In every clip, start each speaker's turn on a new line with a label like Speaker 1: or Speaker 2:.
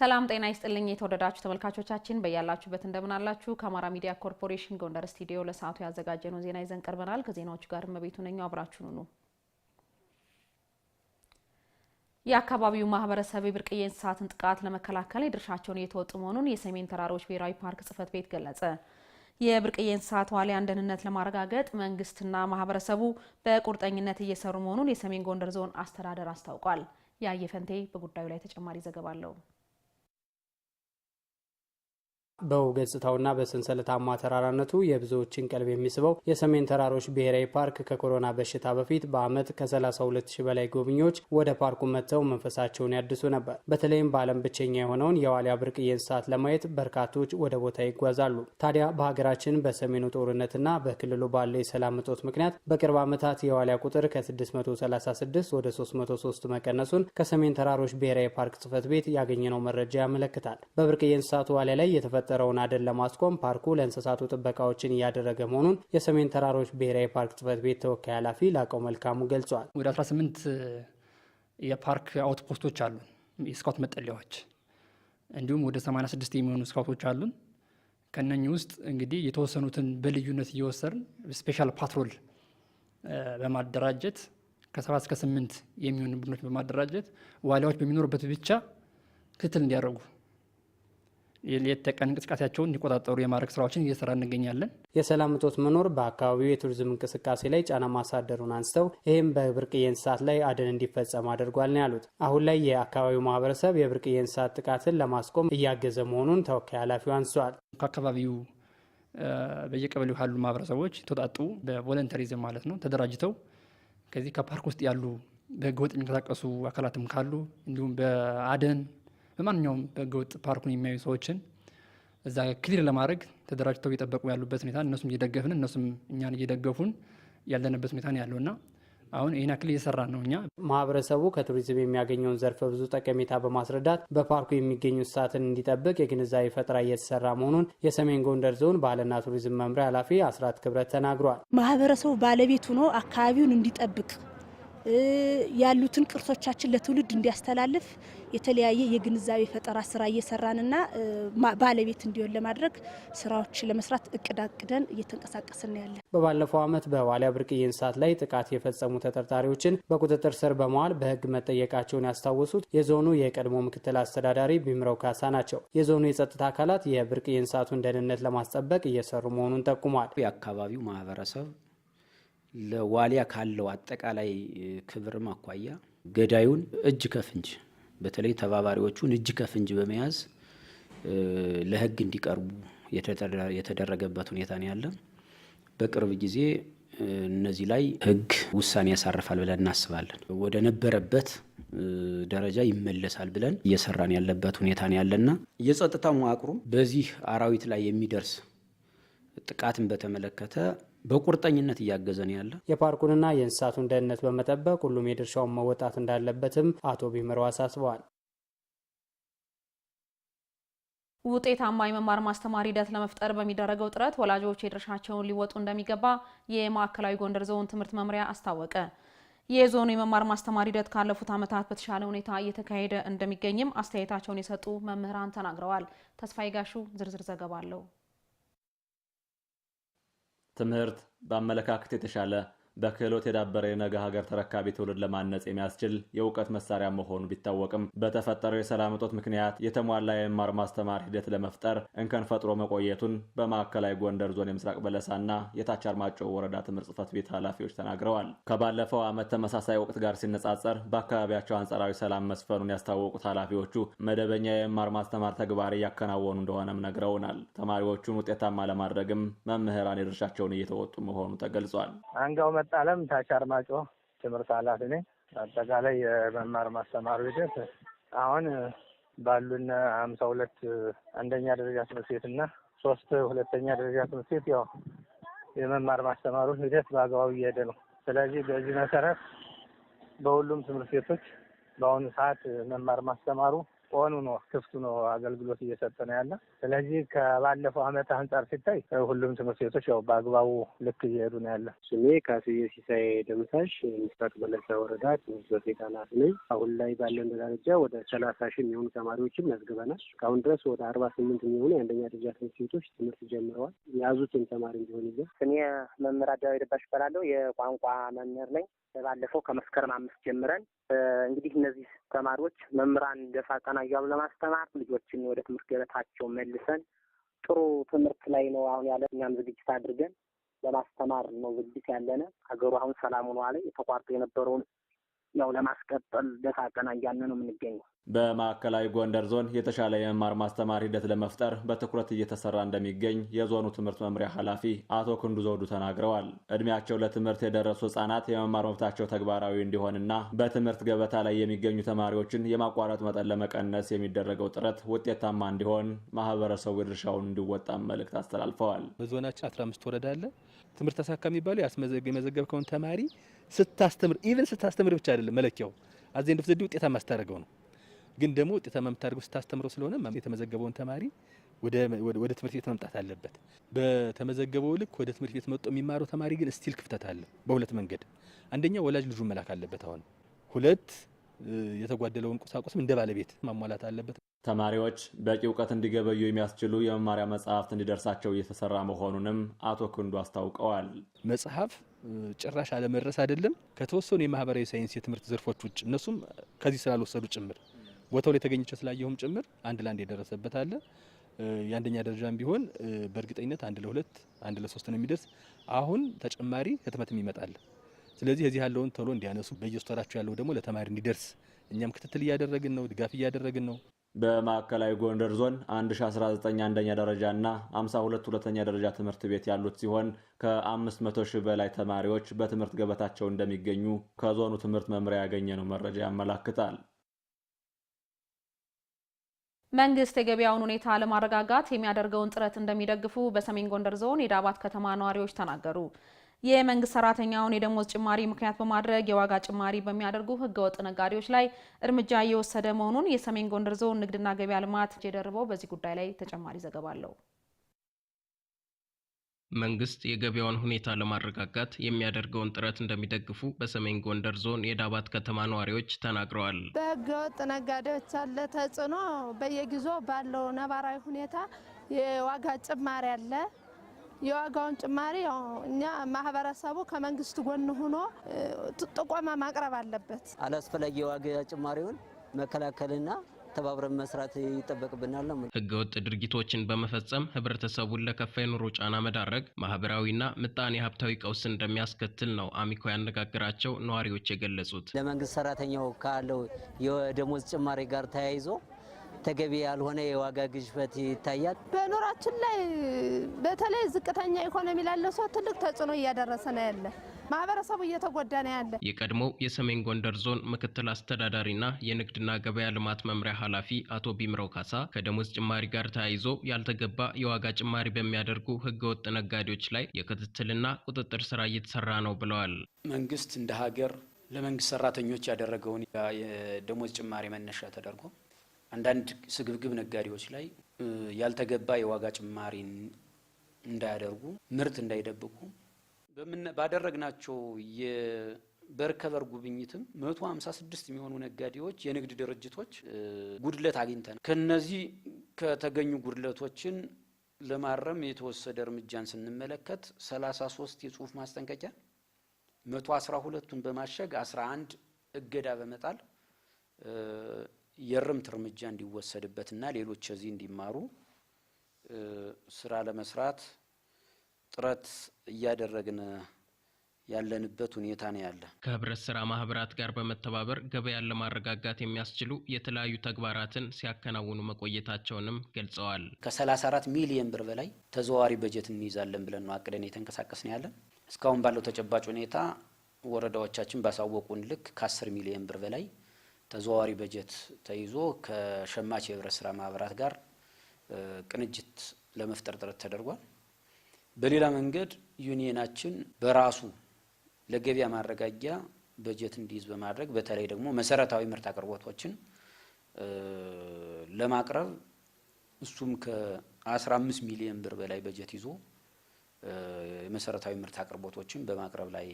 Speaker 1: ሰላም ጤና ይስጥልኝ። የተወደዳችሁ ተመልካቾቻችን በያላችሁበት እንደምናላችሁ። ከአማራ ሚዲያ ኮርፖሬሽን ጎንደር ስቱዲዮ ለሰዓቱ ያዘጋጀነው ዜና ይዘን ቀርበናል። ከዜናዎቹ ጋር እመቤቱ ነኛው፣ አብራችሁን ኑ። የአካባቢው ማህበረሰብ የብርቅዬ እንስሳትን ጥቃት ለመከላከል የድርሻቸውን እየተወጡ መሆኑን የሰሜን ተራሮች ብሔራዊ ፓርክ ጽሕፈት ቤት ገለጸ። የብርቅዬ እንስሳት ዋልያን ደህንነት ለማረጋገጥ መንግስትና ማህበረሰቡ በቁርጠኝነት እየሰሩ መሆኑን የሰሜን ጎንደር ዞን አስተዳደር አስታውቋል። ያየፈንቴ በጉዳዩ ላይ ተጨማሪ ዘገባ አለው።
Speaker 2: በውብ ገጽታውና በሰንሰለታማ ተራራነቱ የብዙዎችን ቀልብ የሚስበው የሰሜን ተራሮች ብሔራዊ ፓርክ ከኮሮና በሽታ በፊት በዓመት ከ32 ሺህ በላይ ጎብኚዎች ወደ ፓርኩ መጥተው መንፈሳቸውን ያድሱ ነበር። በተለይም በዓለም ብቸኛ የሆነውን የዋሊያ ብርቅዬ እንስሳት ለማየት በርካቶች ወደ ቦታ ይጓዛሉ። ታዲያ በሀገራችን በሰሜኑ ጦርነትና በክልሉ ባለው የሰላም እጦት ምክንያት በቅርብ ዓመታት የዋሊያ ቁጥር ከ636 ወደ 303 መቀነሱን ከሰሜን ተራሮች ብሔራዊ ፓርክ ጽህፈት ቤት ያገኘነው መረጃ ያመለክታል። በብርቅዬ እንስሳት ዋሊያ ላይ የተፈ የተፈጠረውን አደን ለማስቆም ፓርኩ ለእንስሳቱ ጥበቃዎችን እያደረገ መሆኑን የሰሜን ተራሮች ብሔራዊ ፓርክ ጽፈት ቤት ተወካይ ኃላፊ ላቀው መልካሙ ገልጿል።
Speaker 3: ወደ 18 የፓርክ አውትፖስቶች አሉን፣ የስካውት መጠለያዎች እንዲሁም ወደ 86 የሚሆኑ ስካውቶች አሉን። ከነኚህ ውስጥ እንግዲህ የተወሰኑትን በልዩነት እየወሰድን ስፔሻል ፓትሮል በማደራጀት ከሰባት እስከ ስምንት የሚሆኑ ቡድኖች በማደራጀት ዋሊያዎች በሚኖሩበት ብቻ ክትትል እንዲያደርጉ የሌት ተቀን እንቅስቃሴያቸውን እንዲቆጣጠሩ የማድረግ ስራዎችን እየሰራ እንገኛለን።
Speaker 2: የሰላም እጦት መኖር በአካባቢው የቱሪዝም እንቅስቃሴ ላይ ጫና ማሳደሩን አንስተው ይህም በብርቅዬ እንስሳት ላይ አደን እንዲፈጸም አድርጓል ነው ያሉት። አሁን ላይ የአካባቢው ማህበረሰብ የብርቅዬ እንስሳት ጥቃትን ለማስቆም እያገዘ መሆኑን ተወካይ ኃላፊው አንስተዋል።
Speaker 3: ከአካባቢው በየቀበሌው ካሉ ማህበረሰቦች ተጣጡ በቮለንተሪዝም ማለት ነው ተደራጅተው ከዚህ ከፓርክ ውስጥ ያሉ በህገወጥ የሚንቀሳቀሱ አካላትም ካሉ እንዲሁም በአደን በማንኛውም በህገወጥ ፓርኩን የሚያዩ ሰዎችን እዛ ክሊር ለማድረግ ተደራጅተው እየጠበቁ ያሉበት ሁኔታ እነሱም እየደገፍን እነሱም እኛን እየደገፉን ያለንበት ሁኔታ ነው ያለውና አሁን ይህን ያክል እየሰራ ነው። እኛ
Speaker 2: ማህበረሰቡ ከቱሪዝም የሚያገኘውን ዘርፈ ብዙ ጠቀሜታ በማስረዳት በፓርኩ የሚገኙ እንስሳትን እንዲጠብቅ የግንዛቤ ፈጠራ እየተሰራ መሆኑን የሰሜን ጎንደር ዞን ባህልና ቱሪዝም መምሪያ ኃላፊ አስራት ክብረት ተናግሯል።
Speaker 4: ማህበረሰቡ ባለቤት ሆኖ አካባቢውን እንዲጠብቅ ያሉትን ቅርሶቻችን ለትውልድ እንዲያስተላልፍ የተለያየ የግንዛቤ ፈጠራ ስራ እየሰራንና ባለቤት እንዲሆን ለማድረግ ስራዎች ለመስራት እቅድ አቅደን እየተንቀሳቀስን ያለን።
Speaker 2: በባለፈው ዓመት በዋሊያ ብርቅዬ እንስሳት ላይ ጥቃት የፈጸሙ ተጠርጣሪዎችን በቁጥጥር ስር በመዋል በህግ መጠየቃቸውን ያስታወሱት የዞኑ የቀድሞ ምክትል አስተዳዳሪ ቢምረው ካሳ ናቸው። የዞኑ የጸጥታ አካላት የብርቅዬ እንስሳቱን ደህንነት ለማስጠበቅ እየሰሩ መሆኑን ጠቁሟል።
Speaker 5: የአካባቢው ማህበረሰብ ለዋሊያ ካለው አጠቃላይ ክብርም አኳያ ገዳዩን እጅ ከፍንጅ በተለይ ተባባሪዎቹን እጅ ከፍንጅ በመያዝ ለሕግ እንዲቀርቡ የተደረገበት ሁኔታ ነው ያለ። በቅርብ ጊዜ እነዚህ ላይ ሕግ ውሳኔ ያሳርፋል ብለን እናስባለን። ወደ ነበረበት ደረጃ ይመለሳል ብለን እየሰራን ያለበት ሁኔታ ነው ያለና የጸጥታ መዋቅሩም በዚህ አራዊት ላይ የሚደርስ ጥቃትን በተመለከተ በቁርጠኝነት እያገዘ ነው ያለ።
Speaker 2: የፓርኩንና የእንስሳቱን ደህንነት በመጠበቅ ሁሉም የድርሻውን መወጣት እንዳለበትም አቶ ቢምረው አሳስበዋል።
Speaker 1: ውጤታማ የመማር ማስተማር ሂደት ለመፍጠር በሚደረገው ጥረት ወላጆች የድርሻቸውን ሊወጡ እንደሚገባ የማዕከላዊ ጎንደር ዞን ትምህርት መምሪያ አስታወቀ። የዞኑ የመማር ማስተማር ሂደት ካለፉት ዓመታት በተሻለ ሁኔታ እየተካሄደ እንደሚገኝም አስተያየታቸውን የሰጡ መምህራን ተናግረዋል። ተስፋዬ ጋሹ ዝርዝር ዘገባ አለው።
Speaker 6: ትምህርት በአመለካከት የተሻለ በክህሎት የዳበረ የነገ ሀገር ተረካቢ ትውልድ ለማነጽ የሚያስችል የእውቀት መሳሪያ መሆኑ ቢታወቅም በተፈጠረው የሰላም እጦት ምክንያት የተሟላ የመማር ማስተማር ሂደት ለመፍጠር እንከን ፈጥሮ መቆየቱን በማዕከላዊ ጎንደር ዞን የምስራቅ በለሳና የታች አርማጮው ወረዳ ትምህርት ጽፈት ቤት ኃላፊዎች ተናግረዋል። ከባለፈው ዓመት ተመሳሳይ ወቅት ጋር ሲነጻጸር በአካባቢያቸው አንጻራዊ ሰላም መስፈኑን ያስታወቁት ኃላፊዎቹ መደበኛ የመማር ማስተማር ተግባር እያከናወኑ እንደሆነም ነግረውናል። ተማሪዎቹን ውጤታማ ለማድረግም መምህራን የድርሻቸውን እየተወጡ መሆኑ ተገልጿል።
Speaker 7: መብራት አለም ታች አርማጮ ትምህርት ኃላፊ ነኝ። አጠቃላይ የመማር ማስተማር ሂደት አሁን ባሉን አምሳ ሁለት አንደኛ ደረጃ ትምህርት ቤት እና ሶስት ሁለተኛ ደረጃ ትምህርት ቤት ያው የመማር ማስተማሩ ሂደት በአግባቡ እየሄደ ነው። ስለዚህ በዚህ መሰረት በሁሉም ትምህርት ቤቶች በአሁኑ ሰዓት መማር ማስተማሩ ሆኑ ነው ክፍቱ ነው አገልግሎት እየሰጠ ነው ያለ። ስለዚህ ከባለፈው አመት አንጻር ሲታይ ሁሉም ትምህርት ቤቶች ያው በአግባቡ ልክ እየሄዱ ነው ያለ።
Speaker 8: ስሜ ካስዬ ሲሳይ ደምሳሽ ምስራቅ በለሳ ወረዳ ትምህርት ቤት ኃላፊ ነኝ። አሁን ላይ ባለን ደረጃ ወደ ሰላሳ ሺህ የሚሆኑ ተማሪዎችም መዝግበናል። እስካሁን ድረስ ወደ አርባ ስምንት የሚሆኑ የአንደኛ ደረጃ ትምህርት ቤቶች ትምህርት ጀምረዋል። የያዙትን ተማሪ እንዲሆን ይዘ
Speaker 9: ስሜ መምህር አደባባይ ደባሽ ይባላለሁ። የቋንቋ መምህር ነኝ። ባለፈው ከመስከረም አምስት ጀምረን እንግዲህ እነዚህ ተማሪዎች መምህራን ደፋ ቀና እያሉ ለማስተማር ልጆችን ወደ ትምህርት ገበታቸው መልሰን ጥሩ ትምህርት ላይ ነው አሁን ያለ እኛም ዝግጅት አድርገን ለማስተማር ነው ዝግጅት ያለነ። ሀገሩ አሁን ሰላም ሆኗል። የተቋርጦ የነበረውን ያው ለማስቀጠል ደፋ ቀና እያልን ነው የምንገኘው።
Speaker 6: በማዕከላዊ ጎንደር ዞን የተሻለ የመማር ማስተማር ሂደት ለመፍጠር በትኩረት እየተሰራ እንደሚገኝ የዞኑ ትምህርት መምሪያ ኃላፊ አቶ ክንዱ ዘውዱ ተናግረዋል። እድሜያቸው ለትምህርት የደረሱ ህጻናት የመማር መብታቸው ተግባራዊ እንዲሆንና በትምህርት ገበታ ላይ የሚገኙ ተማሪዎችን የማቋረጥ መጠን ለመቀነስ የሚደረገው ጥረት ውጤታማ እንዲሆን ማህበረሰቡ ድርሻውን እንዲወጣም መልእክት አስተላልፈዋል።
Speaker 3: በዞናችን 15 ወረዳ አለ። ትምህርት ተሳካ የሚባለው የመዘገብከውን ተማሪ ስታስተምር ኢቨን ስታስተምር ብቻ አይደለም መለኪያው አዚ እንደ ዘዴ ውጤታማ ስታደርገው ነው። ግን ደግሞ ውጤታማ የምታደርገው ስታስተምረው ስለሆነ የተመዘገበውን ተማሪ ወደ ትምህርት ቤት መምጣት አለበት። በተመዘገበው ልክ ወደ ትምህርት ቤት መጥቶ የሚማረው ተማሪ ግን ስቲል ክፍተት አለ በሁለት መንገድ። አንደኛ ወላጅ ልጁን መላክ አለበት። አሁን ሁለት የተጓደለውን ቁሳቁስም እንደ ባለቤት ማሟላት አለበት።
Speaker 6: ተማሪዎች በቂ እውቀት እንዲገበዩ የሚያስችሉ የመማሪያ መጽሐፍት እንዲደርሳቸው እየተሰራ መሆኑንም አቶ ክንዱ አስታውቀዋል።
Speaker 3: መጽሐፍ ጭራሽ አለመድረስ አይደለም ከተወሰኑ የማህበራዊ ሳይንስ የትምህርት ዘርፎች ውጭ እነሱም ከዚህ ስላልወሰዱ ጭምር ቦታው ላይ ተገኝቼ ስላየሁም ጭምር አንድ ለአንድ የደረሰበት አለ። የአንደኛ ደረጃም ቢሆን በእርግጠኝነት አንድ ለሁለት አንድ ለሶስት ነው የሚደርስ። አሁን ተጨማሪ ህትመትም ይመጣል። ስለዚህ እዚህ ያለውን ቶሎ እንዲያነሱ በየስቶራቸው ያለው ደግሞ ለተማሪ እንዲደርስ እኛም ክትትል እያደረግን ነው፣ ድጋፍ እያደረግን ነው።
Speaker 6: በማዕከላዊ ጎንደር ዞን 1019 አንደኛ ደረጃ እና 52 ሁለተኛ ደረጃ ትምህርት ቤት ያሉት ሲሆን ከ500 ሺህ በላይ ተማሪዎች በትምህርት ገበታቸው እንደሚገኙ ከዞኑ ትምህርት መምሪያ ያገኘነው መረጃ ያመላክታል።
Speaker 1: መንግስት የገበያውን ሁኔታ ለማረጋጋት የሚያደርገውን ጥረት እንደሚደግፉ በሰሜን ጎንደር ዞን የዳባት ከተማ ነዋሪዎች ተናገሩ። የመንግስት ሰራተኛውን የደሞዝ ጭማሪ ምክንያት በማድረግ የዋጋ ጭማሪ በሚያደርጉ ህገወጥ ነጋዴዎች ላይ እርምጃ እየወሰደ መሆኑን የሰሜን ጎንደር ዞን ንግድና ገበያ ልማት የደርበው በዚህ ጉዳይ ላይ ተጨማሪ ዘገባ አለው።
Speaker 2: መንግስት የገበያውን ሁኔታ ለማረጋጋት የሚያደርገውን ጥረት እንደሚደግፉ በሰሜን ጎንደር ዞን የዳባት ከተማ ነዋሪዎች ተናግረዋል።
Speaker 4: በህገወጥ ነጋዴዎች ያለ ተጽዕኖ በየጊዜው ባለው ነባራዊ ሁኔታ የዋጋ ጭማሪ አለ። የዋጋውን ጭማሪ እኛ ማህበረሰቡ ከመንግስት ጎን ሆኖ ጥቆማ ማቅረብ አለበት።
Speaker 10: አላስፈላጊ የዋጋ ጭማሪውን መከላከልና ተባብረን መስራት ይጠበቅብናል።
Speaker 2: ህገወጥ ድርጊቶችን በመፈጸም ህብረተሰቡን ለከፋ የኑሮ ጫና መዳረግ ማህበራዊና ምጣኔ ሀብታዊ ቀውስ እንደሚያስከትል ነው አሚኮ ያነጋገራቸው ነዋሪዎች የገለጹት።
Speaker 10: ለመንግስት ሰራተኛው ካለው የደሞዝ ጭማሪ ጋር ተያይዞ ተገቢ ያልሆነ የዋጋ ግሽበት ይታያል።
Speaker 4: በኑራችን ላይ በተለይ ዝቅተኛ ኢኮኖሚ ላለው ሰው ትልቅ ተጽዕኖ እያደረሰ ነው ያለ ማህበረሰቡ እየተጎዳ ነው ያለ።
Speaker 2: የቀድሞ የሰሜን ጎንደር ዞን ምክትል አስተዳዳሪና የንግድና ገበያ ልማት መምሪያ ኃላፊ አቶ ቢምረው ካሳ ከደሞዝ ጭማሪ ጋር ተያይዞ ያልተገባ የዋጋ ጭማሪ በሚያደርጉ ህገወጥ ነጋዴዎች ላይ የክትትልና ቁጥጥር ስራ እየተሰራ ነው ብለዋል።
Speaker 5: መንግስት እንደ ሀገር ለመንግስት ሰራተኞች ያደረገውን የደሞዝ ጭማሪ መነሻ ተደርጎ አንዳንድ ስግብግብ ነጋዴዎች ላይ ያልተገባ የዋጋ ጭማሪን እንዳያደርጉ ምርት እንዳይደብቁ ባደረግናቸው የበርከበር ጉብኝትም መቶ ሀምሳ ስድስት የሚሆኑ ነጋዴዎች፣ የንግድ ድርጅቶች ጉድለት አግኝተናል። ከነዚህ ከተገኙ ጉድለቶችን ለማረም የተወሰደ እርምጃን ስንመለከት ሰላሳ ሶስት የጽሁፍ ማስጠንቀቂያ መቶ አስራ ሁለቱን በማሸግ አስራ አንድ እገዳ በመጣል የእርምት እርምጃ እንዲወሰድበትና ሌሎች እዚህ እንዲማሩ ስራ ለመስራት ጥረት እያደረግን ያለንበት ሁኔታ ነው ያለ።
Speaker 2: ከህብረት ስራ ማህበራት ጋር በመተባበር ገበያን ለማረጋጋት የሚያስችሉ የተለያዩ ተግባራትን ሲያከናውኑ መቆየታቸውንም ገልጸዋል።
Speaker 5: ከ34 ሚሊየን ብር በላይ ተዘዋዋሪ በጀት እንይዛለን ብለን ነው አቅደን የተንቀሳቀስ ነው ያለን። እስካሁን ባለው ተጨባጭ ሁኔታ ወረዳዎቻችን ባሳወቁን ልክ ከ10 ሚሊየን ብር በላይ ተዘዋዋሪ በጀት ተይዞ ከሸማች የህብረት ስራ ማህበራት ጋር ቅንጅት ለመፍጠር ጥረት ተደርጓል። በሌላ መንገድ ዩኒየናችን በራሱ ለገበያ ማረጋጊያ በጀት እንዲይዝ በማድረግ በተለይ ደግሞ መሰረታዊ ምርት አቅርቦቶችን ለማቅረብ እሱም ከ15 ሚሊዮን ብር በላይ በጀት ይዞ የመሰረታዊ ምርት አቅርቦቶችን በማቅረብ ላይ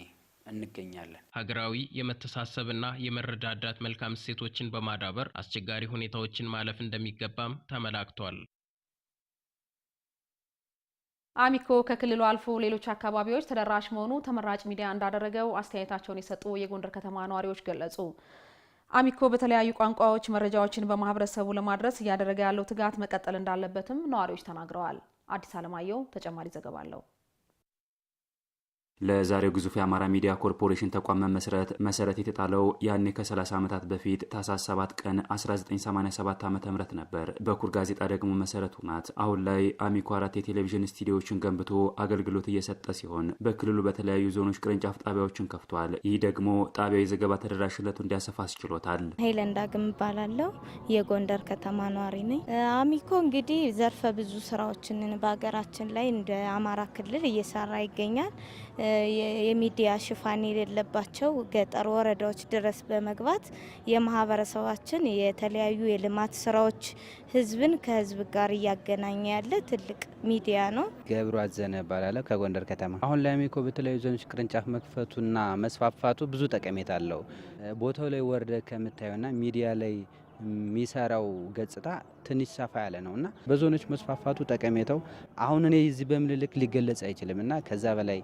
Speaker 5: እንገኛለን።
Speaker 2: ሀገራዊ የመተሳሰብና የመረዳዳት መልካም እሴቶችን በማዳበር አስቸጋሪ ሁኔታዎችን ማለፍ እንደሚገባም ተመላክቷል።
Speaker 1: አሚኮ ከክልሉ አልፎ ሌሎች አካባቢዎች ተደራሽ መሆኑ ተመራጭ ሚዲያ እንዳደረገው አስተያየታቸውን የሰጡ የጎንደር ከተማ ነዋሪዎች ገለጹ። አሚኮ በተለያዩ ቋንቋዎች መረጃዎችን በማህበረሰቡ ለማድረስ እያደረገ ያለው ትጋት መቀጠል እንዳለበትም ነዋሪዎች ተናግረዋል። አዲስ አለማየሁ ተጨማሪ ዘገባ አለው።
Speaker 2: ለዛሬው ግዙፍ የአማራ ሚዲያ ኮርፖሬሽን ተቋም መመስረት መሰረት የተጣለው ያኔ ከ30 ዓመታት በፊት ታህሳስ 7 ቀን 1987 ዓ ም ነበር። በኩር ጋዜጣ ደግሞ መሰረቱ ናት። አሁን ላይ አሚኮ አራት የቴሌቪዥን ስቱዲዮዎችን ገንብቶ አገልግሎት እየሰጠ ሲሆን በክልሉ በተለያዩ ዞኖች ቅርንጫፍ ጣቢያዎችን ከፍቷል። ይህ ደግሞ ጣቢያው የዘገባ ተደራሽነቱ እንዲያሰፋ አስችሎታል።
Speaker 11: ሀይለን ዳግም እባላለሁ። የጎንደር ከተማ ነዋሪ ነኝ። አሚኮ እንግዲህ ዘርፈ ብዙ ስራዎችን በሀገራችን ላይ እንደ አማራ ክልል እየሰራ ይገኛል። የሚዲያ ሽፋን የሌለባቸው ገጠር ወረዳዎች ድረስ በመግባት የማህበረሰባችን የተለያዩ የልማት ስራዎች ህዝብን ከህዝብ ጋር እያገናኘ ያለ ትልቅ ሚዲያ ነው።
Speaker 12: ገብሩ አዘነ እባላለሁ ከጎንደር ከተማ። አሁን ላይ አሚኮ በተለያዩ ዞኖች ቅርንጫፍ መክፈቱና መስፋፋቱ ብዙ ጠቀሜታ አለው። ቦታው ላይ ወርደ ከምታየውና ሚዲያ ላይ የሚሰራው ገጽታ ትንሽ ሰፋ ያለ ነው እና በዞኖች መስፋፋቱ ጠቀሜታው አሁን እኔ እዚህ በምልልክ ሊገለጽ አይችልም እና ከዛ በላይ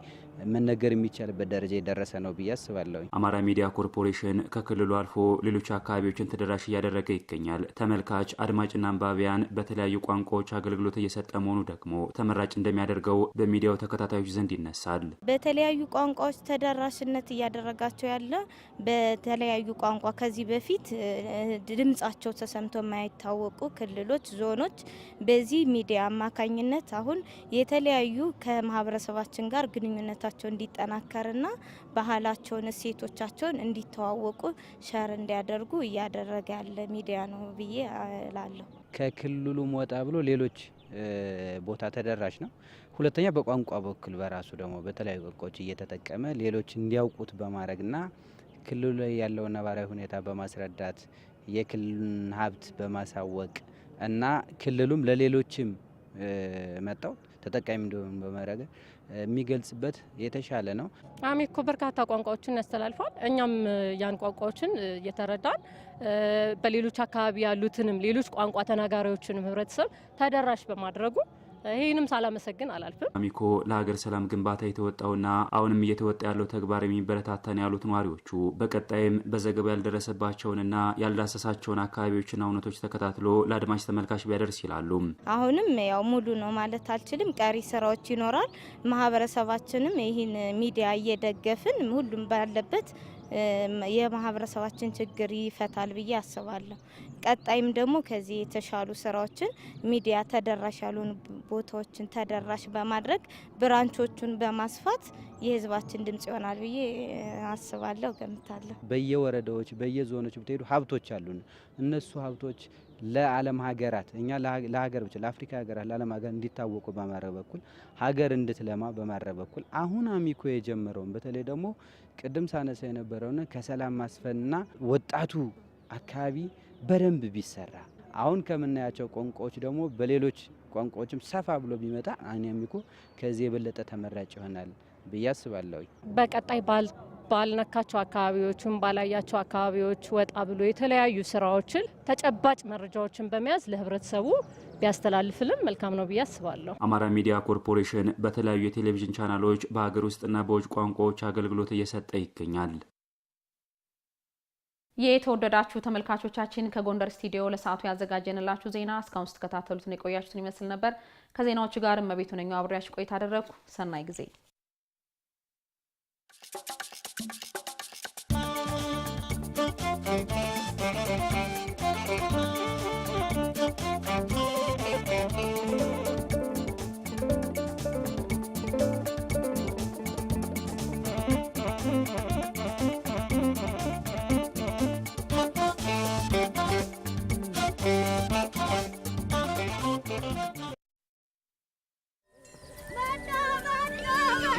Speaker 12: መነገር የሚቻልበት ደረጃ የደረሰ ነው ብዬ አስባለሁ።
Speaker 2: አማራ ሚዲያ ኮርፖሬሽን ከክልሉ አልፎ ሌሎች አካባቢዎችን ተደራሽ እያደረገ ይገኛል። ተመልካች አድማጭና አንባቢያን በተለያዩ ቋንቋዎች አገልግሎት እየሰጠ መሆኑ ደግሞ ተመራጭ እንደሚያደርገው በሚዲያው ተከታታዮች ዘንድ ይነሳል።
Speaker 11: በተለያዩ ቋንቋዎች ተደራሽነት እያደረጋቸው ያለ በተለያዩ ቋንቋ ከዚህ በፊት ድምጻቸው ተሰምቶ የማይታወቁ ክልሎች፣ ዞኖች በዚህ ሚዲያ አማካኝነት አሁን የተለያዩ ከማህበረሰባችን ጋር ግንኙነታቸው እንዲጠናከርና ባህላቸውን፣ እሴቶቻቸውን እንዲተዋወቁ ሸር እንዲያደርጉ እያደረገ ያለ ሚዲያ ነው ብዬ እላለሁ።
Speaker 12: ከክልሉም ወጣ ብሎ ሌሎች ቦታ ተደራሽ ነው። ሁለተኛ በቋንቋ በኩል በራሱ ደግሞ በተለያዩ ቋንቋዎች እየተጠቀመ ሌሎች እንዲያውቁት በማድረግና ክልሉ ላይ ያለውን ነባራዊ ሁኔታ በማስረዳት የክልሉን ሀብት በማሳወቅ እና ክልሉም ለሌሎችም መጣው ተጠቃሚ እንደሆኑ በመረገ የሚገልጽበት የተሻለ ነው።
Speaker 1: አሚኮ በርካታ ቋንቋዎችን ያስተላልፋል። እኛም ያን ቋንቋዎችን እየተረዳን በሌሎች አካባቢ ያሉትንም ሌሎች ቋንቋ ተናጋሪዎችንም ህብረተሰብ ተደራሽ በማድረጉ ይህንም ሳላመሰግን አላልፍም።
Speaker 2: አሚኮ ለሀገር ሰላም ግንባታ የተወጣውና አሁንም እየተወጣ ያለው ተግባር የሚበረታታን ያሉት ነዋሪዎቹ በቀጣይም በዘገባ ያልደረሰባቸውንና ያልዳሰሳቸውን አካባቢዎችና እውነቶች ተከታትሎ ለአድማጭ ተመልካች ቢያደርስ ይላሉ።
Speaker 11: አሁንም ያው ሙሉ ነው ማለት አልችልም፣ ቀሪ ስራዎች ይኖራል። ማህበረሰባችንም ይህን ሚዲያ እየደገፍን ሁሉም ባለበት የማህበረሰባችን ችግር ይፈታል ብዬ አስባለሁ። ቀጣይም ደግሞ ከዚህ የተሻሉ ስራዎችን ሚዲያ ተደራሽ ያልሆኑ ቦታዎችን ተደራሽ በማድረግ ብራንቾቹን በማስፋት የህዝባችን ድምጽ ይሆናል ብዬ አስባለሁ፣ ገምታለሁ።
Speaker 12: በየወረዳዎች በየዞኖች ብትሄዱ ሀብቶች አሉን። እነሱ ሀብቶች ለዓለም ሀገራት እኛ ለሀገር ብቻ ለአፍሪካ ሀገራት ለዓለም ሀገር እንዲታወቁ በማድረግ በኩል ሀገር እንድትለማ በማድረግ በኩል አሁን አሚኮ የጀመረውን በተለይ ደግሞ ቅድም ሳነሳ የነበረውን ከሰላም ማስፈንና ወጣቱ አካባቢ በደንብ ቢሰራ አሁን ከምናያቸው ቋንቋዎች ደግሞ በሌሎች ቋንቋዎችም ሰፋ ብሎ ቢመጣ አሚኮ ከዚህ የበለጠ ተመራጭ ይሆናል ብዬ አስባለሁ።
Speaker 1: በቀጣይ ባልነካቸው አካባቢዎችን ባላያቸው አካባቢዎች ወጣ ብሎ የተለያዩ ስራዎችን ተጨባጭ መረጃዎችን በመያዝ ለህብረተሰቡ ቢያስተላልፍልም መልካም ነው ብዬ አስባለሁ።
Speaker 2: አማራ ሚዲያ ኮርፖሬሽን በተለያዩ የቴሌቪዥን ቻናሎች በሀገር ውስጥና በውጭ ቋንቋዎች አገልግሎት እየሰጠ ይገኛል።
Speaker 1: የተወደዳችሁ ተመልካቾቻችን ከጎንደር ስቱዲዮ ለሰዓቱ ያዘጋጀንላችሁ ዜና እስካሁን ስትከታተሉትን የቆያችሁትን ይመስል ነበር። ከዜናዎቹ ጋር እመቤቱ ነኛ አብሬያችሁ ቆይታ አደረግኩ። ሰናይ ጊዜ